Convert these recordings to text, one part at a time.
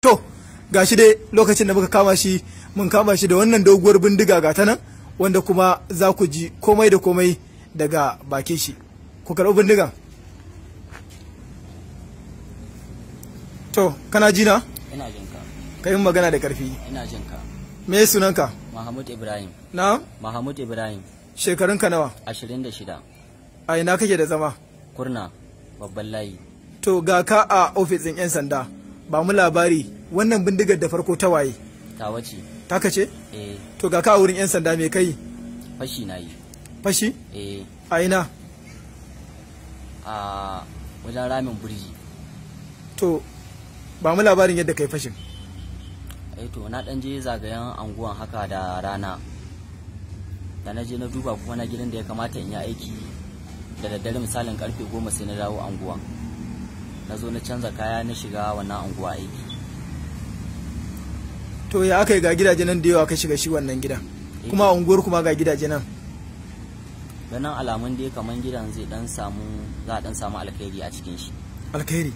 to ga shi dai lokacin da muka kama shi mun kama shi da wannan doguwar bindiga ga ta nan wanda kuma za ku ji komai da komai daga bakin shi ku karɓi bindiga. to kana jina ina jin ka ka yi magana da ƙarfi ina jin ka me sunanka Mahamud ibrahim na Mahamud ibrahim shekarunka nawa Ashirin da shida. a ina kake da zama kurna babban layi to ga ka a ofisin 'yan sanda ba mu labari wannan bindigar da farko ta waye tawa ce taka ce eh to ga ka wurin yan sanda me kai fashi na yi fashi eh a ina a wajen ramin burji to ba mu labarin yadda kai fashin eh to na dan je zagayen anguwan haka da rana da na je na duba kuma na gidan da ya kamata in yi aiki da daddare misalin karfe goma sai na dawo anguwan na zo na canza kaya na shiga wannan unguwa aiki to ya aka yi ga gidaje nan da yawa ka shiga shi wannan gidan eh. kuma unguwar kuma ga gidaje nan ganin alamun dai kamar gidan zai dan samu za a dan samu alkhairi a cikin shi alkhairi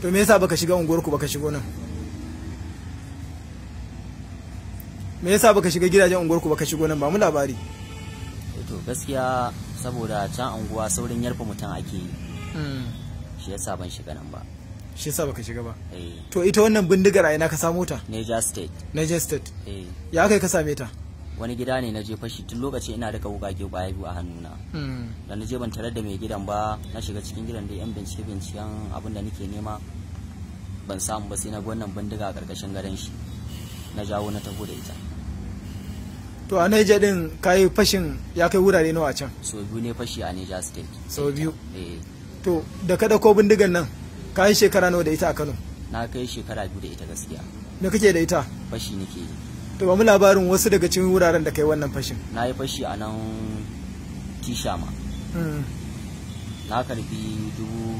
to me yasa baka shiga unguwar ku baka shigo nan me yasa baka shiga gidajen unguwar ku baka shigo nan ba mu labari eh, to gaskiya saboda can unguwa saurin yarfa mutum ake yi hmm. shi yasa ban shiga nan ba shi yasa baka shiga ba eh. to ita wannan bindigar a ina ka samo ta Niger State Niger State eh. ya kai ka same ta wani gida ne na je fashi tun lokaci ina da kawukake baya biyu a hannuna hmm. da na je ban tarar da mai gidan ba na shiga cikin gidan da yan bincike binciken abin da nake nema ban samu ba sai na wannan bindiga a karkashin gadon shi na jawo na tabo da ita to a Niger din kai fashin ya kai wurare nawa can so biyu ne fashi a Niger State so biyu eh to da ka ko bindigan nan ka yi shekara nawa da ita a kano na kai shekara biyu da ita gaskiya me kake da ita fashi nake to ba mu labarin wasu daga cikin wuraren da kai wannan fashin na yi fashi a nan tishama hmm. na karbi dubu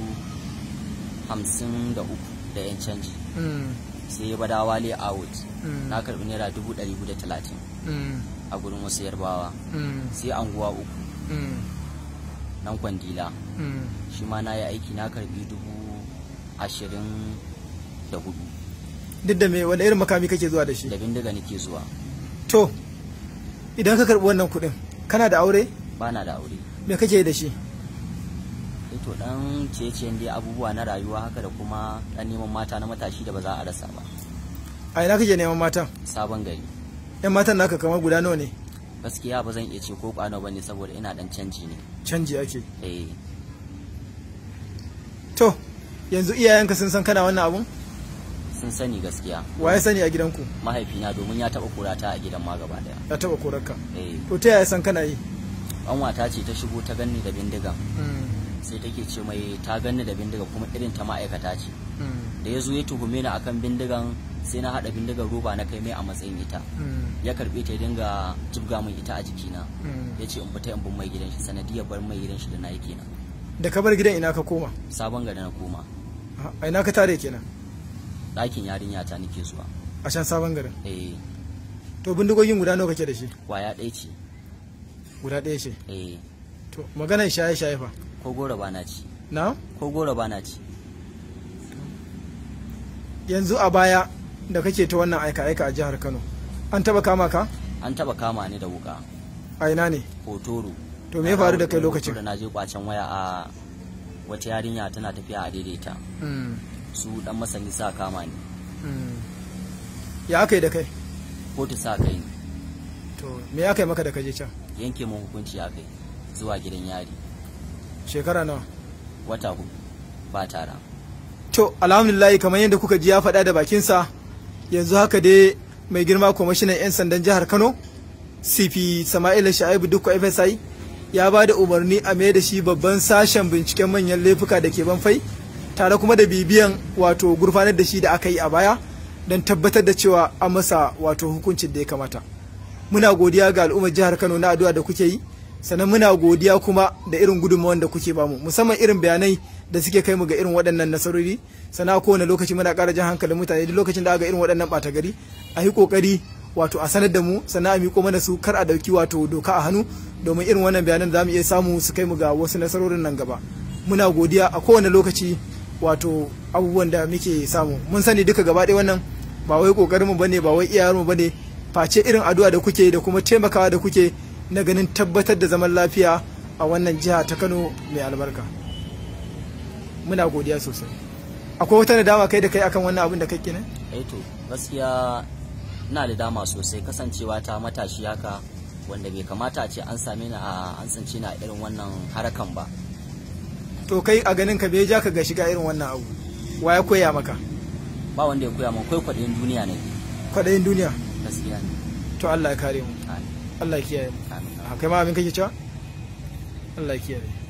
hamsin da uku da yan canji hmm. sai ya bada wale out hmm. na karbi naira dubu ɗari da talatin a gurin wasu yarbawa sai anguwa uku dan kwandila hmm. shi ma na yi aiki na karbi dubu ashirin da hudu duk da me wanda irin makami kake zuwa da shi da bindiga nake zuwa to idan ka karbi wannan kuɗin kana da aure ba na da aure me kake da shi eh to dan cece ciyen dai abubuwa na rayuwa haka da kuma dan neman mata na matashi da ba za a rasa ba a ina kake neman matan sabon gari yan matan naka kamar guda nawa ne gaskiya ba zan iya ce ko kwano ba ne saboda ina dan canji ne canji ake eh to yanzu iyayenka sun san kana wannan abun sun sani gaskiya wa ya sani a gidanku mahaifina domin ya taba korata a gidan ma gaba daya ya taba korarka eh to ta yaya san kana yi wata ce ta shigo ta ganni da bindiga hmm. sai take ce mai ta ganni da bindiga kuma irin ta ma'aikata ce hmm. da ya zo ya tuhume ni akan bindigan sai na haɗa bindigan roba na kai mai a matsayin ita hmm. ya karbe ta ya dinga jibga min ita a jikina hmm. ya ce in fita in bin mai gidan shi sanadiyar bar mai gidan shi da na yi kenan da ka bar gidan ina ka koma sabon gari na koma a ina ka tare kenan ɗakin yarinya ta nake zuwa a can sabon garin eh to bindigogin guda nawa kake da shi ya ɗaya ce guda ɗaya ce eh to maganar shaye shaye fa ko gora ba na ci na ko gora ba na ci yanzu a baya da kake ta wannan aika-aika a jihar Kano an taba kama ka? An taba kama ni da wuka. A ina ne? Hotoro. To me ya faru da kai lokacin? Da na je kwacen waya a wata yarinya tana tafiya a daidaita. Hmm. Su dan masani sa kama ni. Hmm. Ya kai da kai? Kotu sa kai ne. To me ya-kai maka da kaje can? Yanke mun hukunci ya kai zuwa gidan yari. Shekara nawa? Wata hudu ba tara. to alhamdulillah kamar yadda kuka ji ya faɗa da bakinsa yanzu haka dai mai girma kwamishinan 'yan sandan jihar kano cp sama'ila sha'ibu dukko fsi ya ba da umarni a mai da shi babban sashen binciken manyan laifuka da ke banfai tare kuma da bibiyan wato gurfanar da shi da aka yi a baya don tabbatar da cewa an masa wato hukuncin da ya kamata muna godiya ga al'ummar jihar kano na addu'a da kuke yi sannan muna godiya kuma da irin gudunmawar da kuke bamu musamman irin bayanai da suke kai mu ga irin waɗannan nasarori sana kowane lokaci muna ƙara jan hankalin mutane duk lokacin da aga irin waɗannan ɓata gari a yi ƙoƙari wato a sanar da mu sannan a miƙo mana su kar a ɗauki wato doka a hannu domin irin wannan bayanan za mu iya samu su kai mu ga wasu nasarorin nan gaba muna godiya a kowane lokaci wato abubuwan da muke samu mun sani duka gaba ɗaya wannan ba wai ƙoƙarinmu ne ba wai ba ne face irin addu'a da kuke da kuma taimakawa da kuke na ganin tabbatar da zaman lafiya a wannan jiha ta kano mai albarka muna godiya sosai akwai wata nadama kai da kai akan wannan abin da kake kenan eh to gaskiya ina da dama sosai kasancewa ta matashi haka wanda bai kamata a ce an same ni a an tsinci na irin wannan harakan ba to kai a ganin ka bai ja ka ga shiga irin wannan abu wa ya koya maka ba wanda ya koya min kai kwaɗayin duniya ne kwaɗayin duniya gaskiya ne to Allah ya kare mu amin Allah ya kiyaye mu kai ma abin kake cewa Allah ya kiyaye